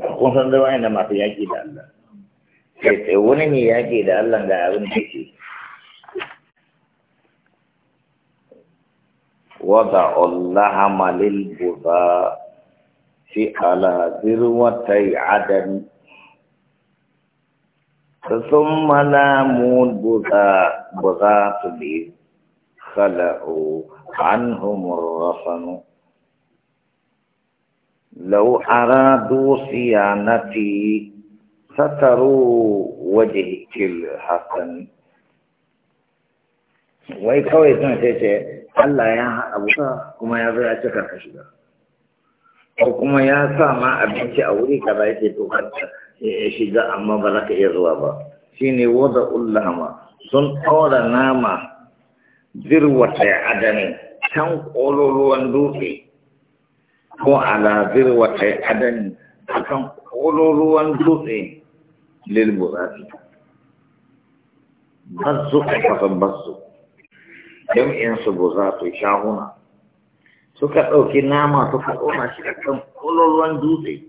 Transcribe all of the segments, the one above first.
kun san zama yana masu yaƙi da Allah sai sai wani ne yaƙi da Allah ga abin da ke wada Allah malil buza fi ala zirwatai adami ثم لاموا البغاة بغاة خلعوا عنهم الرفن لو أرادوا صيانتي ستروا وجهك الحسن wai kawai suna ce ce Allah ya haɗa wuta kuma ya zo ya ci karka shiga ko kuma ya sa ma abinci a wuri kaza yake to shiga amma ba za ka iya zuwa ba shine wada ullama sun ɗora nama zirwata ya adani can ƙololuwan dutse ko ala zirwa ta adani akan ƙololuwan dutse lilburafi bazu a kasan bazu jam'insu buzatu shahuna suka ɗauki nama suka ɗona shi akan ƙololuwan dutse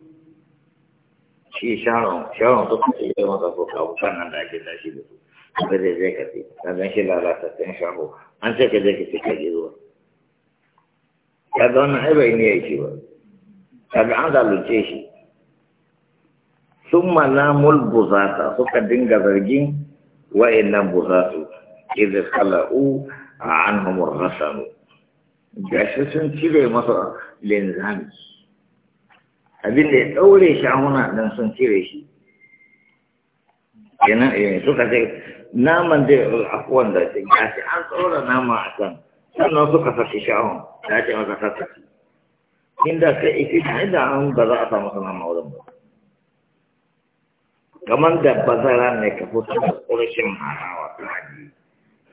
shi sharon sharon suka ce zai masa ko kawo nan da ake tashi da su ba zai zai ka ce ka gan shi lalata ta yan shaho an ce ka zai ka ce ka ji zuwa Ya zauna ai bai ne yake ba kaga an zalunce shi summa namul buzata suka dinga zargin wa'annan buzatu idh a an ar-rasam gashi sun cire masa linzami abin da ya daure shi a sun cire shi kenan eh suka ce naman da akwai da ya ce an tsora nama a can, sannan suka saki shahun ya ce masa sassafi inda ka isi da inda an ba za a samu sana maurin ba kamar da bazara ne ka fi da ƙurshin harawa ta haji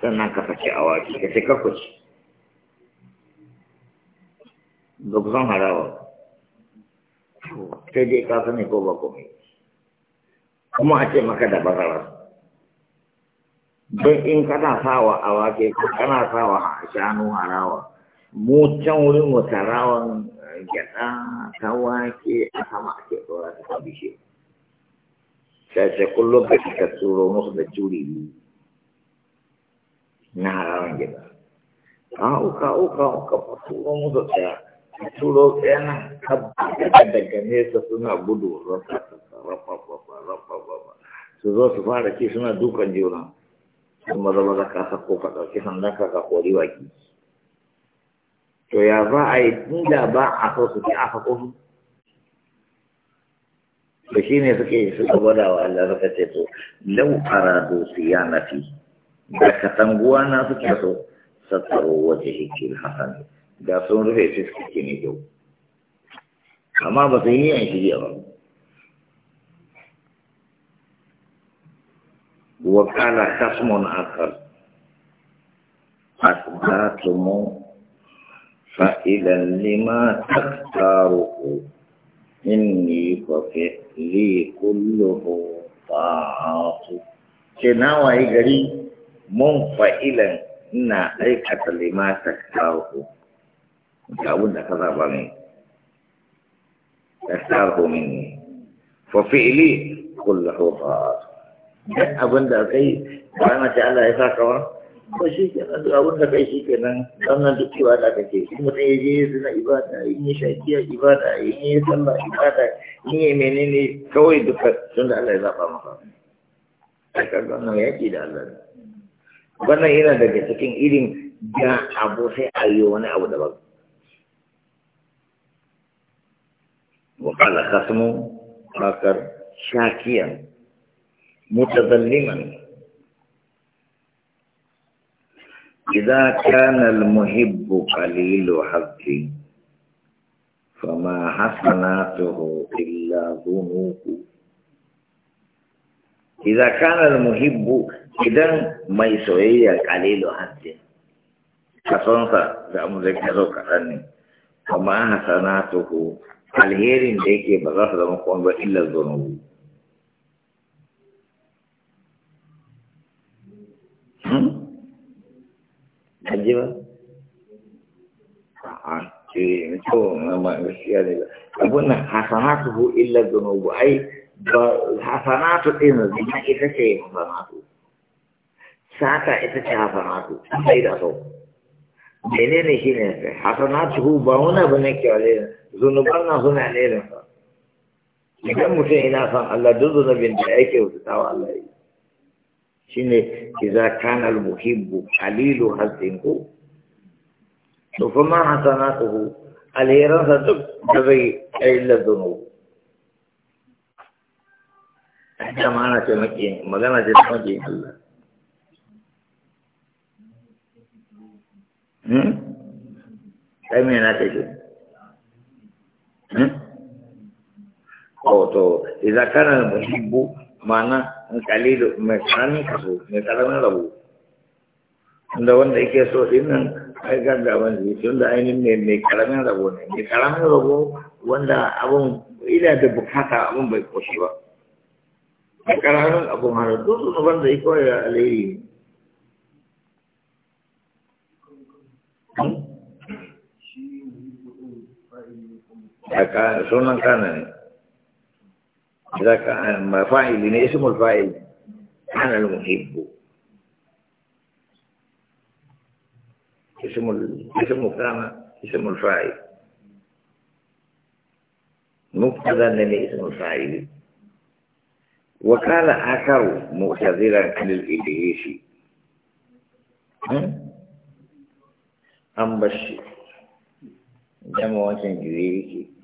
sannan ka saki awaki ka ce kakwaci ba ku harawa sai dai ka sani ko ba komai kuma a ce maka da bazara don in kana sawa a awaki kana sawa a shanu harawa mu can wurin wata rawan gyaɗa ta wake a sama ake ɗora ta kan bishe sai kullum ka ka tsoro musu da juri na harawan gida kawo kawo kawo ka tsoro musu ɗaya ka tsoro ɗaya nan ka daga nesa suna gudu rafa rafa rafa rafa su zo su fara ce suna dukan juna kuma zama za ka sako ka ɗauki ka ka kori waki to ya za a yi da ba a so su ke a haƙo su to shi ne suke suka gwada wa Allah suka ce to lau arado su ya nafi da katanguwa na suke so sassaro waje hikin hasan da sun rufe suke ne kyau amma ba su yi yan shirya ba wakala kasmon akar asbatun فإذا لما تختاره إني وفعلي كله طاعات gari mun fa'ilan ina aikata limata kawo ga abin da ka zaba ne tasahu minni fa fi'li kulluhu ta'at duk abin da kai ba na ce Allah ya saka wa ba shi ke nan abin da kai shi ke nan wannan duk ibada kake in mutum ya je zina ibada in ya shakiya ibada in ya sallah ibada in ya menene kawai duka tun da Allah ya zaba maka sai ka ga wannan yaki da Allah wannan yana daga cikin irin ga abu sai a yi wani abu daban وقال خصم آخر شاكيا متظلما إذا كان المحب قليل حظ فما حسناته إلا ذنوب إذا كان المحب إذا ما يسوي قليل حظ kasonsa da mu zai kaso kaɗan ne amma hasanatuhu alherin da yake ba za su zama ba illa zunubu ji ba ah ciri itu ma gaskiya ne apa nak hasanatu illa dunubu ai hasanatu din dia ita ce hasanatu saka itu ce hasanatu sai da tu menene ni sini hu ba bauna abu ne ke wale zunuban na suna ne idan mutum ina son Allah dudu zunubin da yake wuce Allah ya shine idza kana al-muhibbu qalilu hazinku to fa ma hasanatuhu alheran sa duk da zai illa dhunub da mana ce maki magana ce ta maki Allah hmm kai me na take hmm oh to idza kana al-muhibbu mana kalilu mai karamin kaso mai karamin rabu inda wanda yake so dinnan nan ai ganda wanda yake wanda ainihin ne mai karamin rabu ne mai karamin rabu wanda abun ila da bukata abun bai koshi ba mai karamin abun har duk su wanda yake kawai alheri ne hmm? sunan kana ne إذا كان فاعل اسم الفاعل أنا المحب اسم اسم كان اسم الفاعل مبتدا لاسم الفاعل وكان آخر معتذرا عن الإدريس أم بشر جمع وجه